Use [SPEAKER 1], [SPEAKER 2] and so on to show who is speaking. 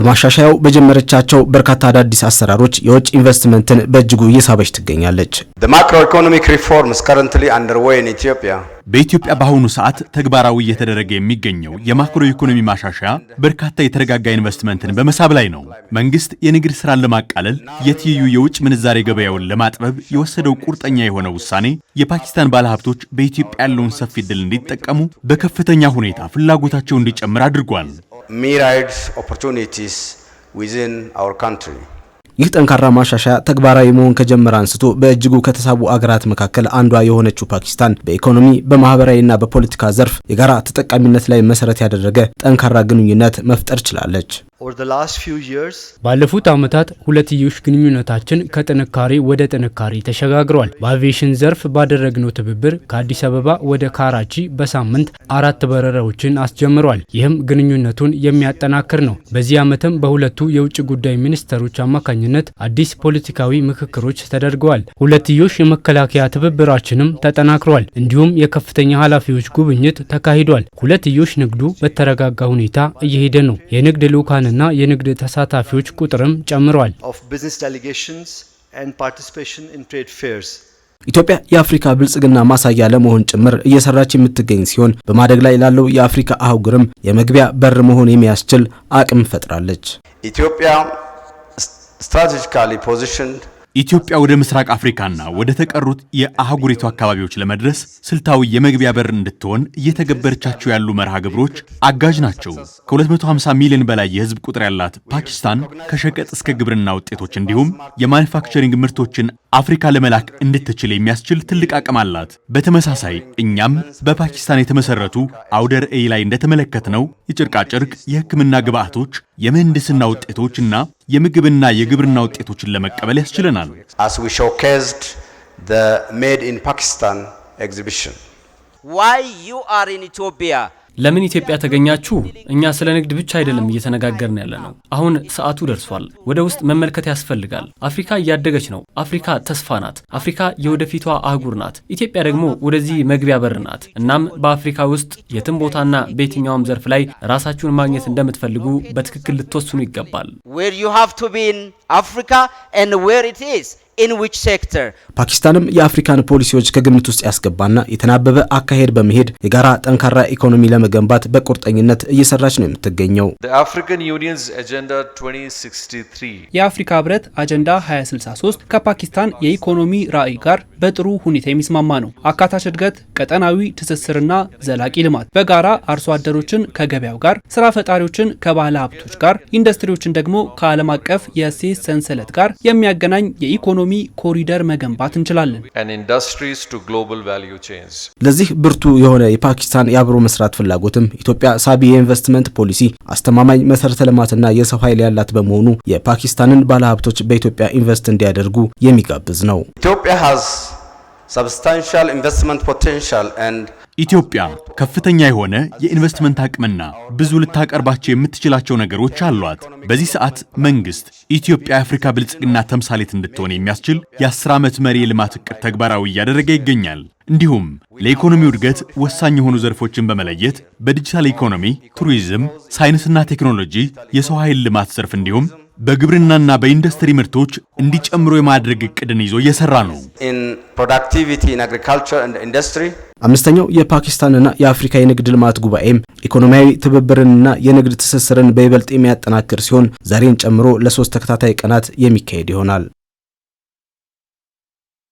[SPEAKER 1] በማሻሻያው በጀመረቻቸው በርካታ አዳዲስ አሰራሮች የውጭ ኢንቨስትመንትን በእጅጉ እየሳበች ትገኛለች። በኢትዮጵያ በአሁኑ ሰዓት ተግባራዊ እየተደረገ የሚገኘው የማክሮ ኢኮኖሚ ማሻሻያ በርካታ የተረጋጋ ኢንቨስትመንትን በመሳብ ላይ ነው። መንግስት የንግድ ስራን ለማቃለል የትይዩ የውጭ ምንዛሬ ገበያውን ለማጥበብ የወሰደው ቁርጠኛ የሆነ ውሳኔ የፓኪስታን ባለሀብቶች በኢትዮጵያ ያለውን ሰፊ ድል እንዲጠቀሙ በከፍተኛ ሁኔታ ፍላጎታቸው እንዲጨምር አድርጓል።
[SPEAKER 2] myriad opportunities within our country.
[SPEAKER 1] ይህ ጠንካራ ማሻሻያ ተግባራዊ መሆን ከጀመረ አንስቶ በእጅጉ ከተሳቡ አገራት መካከል አንዷ የሆነችው ፓኪስታን በኢኮኖሚ በማህበራዊና በፖለቲካ ዘርፍ የጋራ ተጠቃሚነት ላይ መሰረት ያደረገ ጠንካራ ግንኙነት መፍጠር ችላለች። ባለፉት ዓመታት ሁለትዮሽ ግንኙነታችን ከጥንካሬ ወደ ጥንካሬ ተሸጋግሯል። በአቪዬሽን ዘርፍ ባደረግነው ትብብር ከአዲስ አበባ ወደ ካራቺ በሳምንት አራት በረራዎችን አስጀምሯል። ይህም ግንኙነቱን የሚያጠናክር ነው። በዚህ ዓመትም በሁለቱ የውጭ ጉዳይ ሚኒስተሮች አማካኝነት አዲስ ፖለቲካዊ ምክክሮች ተደርገዋል። ሁለትዮሽ የመከላከያ ትብብራችንም ተጠናክሯል። እንዲሁም የከፍተኛ ኃላፊዎች ጉብኝት ተካሂዷል። ሁለትዮሽ ንግዱ በተረጋጋ ሁኔታ እየሄደ ነው። የንግድ ልዑካን የንግድና የንግድ ተሳታፊዎች ቁጥርም ጨምሯል። ኢትዮጵያ የአፍሪካ ብልጽግና ማሳያ ለመሆን ጭምር እየሰራች የምትገኝ ሲሆን በማደግ ላይ ላለው የአፍሪካ አህጉርም የመግቢያ በር መሆን የሚያስችል አቅም ፈጥራለች።
[SPEAKER 2] ኢትዮጵያ ስትራቴጂካሊ ፖዚሽንድ
[SPEAKER 1] ኢትዮጵያ ወደ ምስራቅ አፍሪካና ወደ ተቀሩት የአህጉሪቱ አካባቢዎች ለመድረስ ስልታዊ የመግቢያ በር እንድትሆን እየተገበረቻቸው ያሉ መርሃ ግብሮች አጋዥ ናቸው። ከ250 ሚሊዮን በላይ የህዝብ ቁጥር ያላት ፓኪስታን ከሸቀጥ እስከ ግብርና ውጤቶች እንዲሁም የማኑፋክቸሪንግ ምርቶችን አፍሪካ ለመላክ እንድትችል የሚያስችል ትልቅ አቅም አላት። በተመሳሳይ እኛም በፓኪስታን የተመሰረቱ አውደ ርዕይ ላይ እንደተመለከትነው የጨርቃጨርቅ፣ የህክምና ግብአቶች፣ የምህንድስና ውጤቶችና የምግብና የግብርና ውጤቶችን ለመቀበል ያስችለናል።
[SPEAKER 2] አስ ዊ ሾኬዝድ ዘ ሜድ ኢን ፓኪስታን ኤግዚቢሽን
[SPEAKER 3] ዋይ ዩ አር ኢን ኢትዮጵያ
[SPEAKER 1] ለምን ኢትዮጵያ ተገኛችሁ? እኛ ስለ ንግድ ብቻ አይደለም እየተነጋገርን ያለ ነው። አሁን ሰዓቱ ደርሷል። ወደ ውስጥ መመልከት ያስፈልጋል። አፍሪካ እያደገች ነው። አፍሪካ ተስፋ ናት። አፍሪካ የወደፊቷ አህጉር ናት። ኢትዮጵያ ደግሞ ወደዚህ መግቢያ በር ናት። እናም በአፍሪካ ውስጥ የትም ቦታና በየትኛውም ዘርፍ ላይ ራሳችሁን ማግኘት እንደምትፈልጉ በትክክል ልትወስኑ ይገባል።
[SPEAKER 3] ኢን ዊች ሴክተር
[SPEAKER 1] ፓኪስታንም የአፍሪካን ፖሊሲዎች ከግምት ውስጥ ያስገባና የተናበበ አካሄድ በመሄድ የጋራ ጠንካራ ኢኮኖሚ ለመገንባት በቁርጠኝነት እየሰራች ነው የምትገኘው። የአፍሪካ ህብረት አጀንዳ 2063 ከፓኪስታን የኢኮኖሚ ራዕይ ጋር በጥሩ ሁኔታ የሚስማማ ነው። አካታች እድገት፣ ቀጠናዊ ትስስርና ዘላቂ ልማት በጋራ አርሶ አደሮችን ከገበያው ጋር፣ ስራ ፈጣሪዎችን ከባለ ሀብቶች ጋር፣ ኢንዱስትሪዎችን ደግሞ ከዓለም አቀፍ የእሴት ሰንሰለት ጋር የሚያገናኝ የኢኮኖሚ የኢኮኖሚ ኮሪደር መገንባት እንችላለን። ለዚህ ብርቱ የሆነ የፓኪስታን የአብሮ መስራት ፍላጎትም ኢትዮጵያ ሳቢ የኢንቨስትመንት ፖሊሲ፣ አስተማማኝ መሰረተ ልማትና የሰው ኃይል ያላት በመሆኑ የፓኪስታንን ባለሀብቶች በኢትዮጵያ ኢንቨስት እንዲያደርጉ የሚጋብዝ ነው። ኢትዮጵያ ከፍተኛ የሆነ የኢንቨስትመንት አቅምና ብዙ ልታቀርባቸው የምትችላቸው ነገሮች አሏት። በዚህ ሰዓት መንግስት ኢትዮጵያ የአፍሪካ ብልጽግና ተምሳሌት እንድትሆን የሚያስችል የአስር ዓመት መሪ የልማት እቅድ ተግባራዊ እያደረገ ይገኛል። እንዲሁም ለኢኮኖሚው እድገት ወሳኝ የሆኑ ዘርፎችን በመለየት በዲጂታል ኢኮኖሚ፣ ቱሪዝም፣ ሳይንስና ቴክኖሎጂ፣ የሰው ኃይል ልማት ዘርፍ እንዲሁም በግብርናና በኢንዱስትሪ ምርቶች እንዲጨምሩ የማድረግ እቅድን ይዞ እየሰራ ነው። አምስተኛው የፓኪስታንና የአፍሪካ የንግድ ልማት ጉባኤም ኢኮኖሚያዊ ትብብርንና የንግድ ትስስርን በይበልጥ የሚያጠናክር ሲሆን ዛሬን ጨምሮ ለሶስት ተከታታይ ቀናት የሚካሄድ ይሆናል።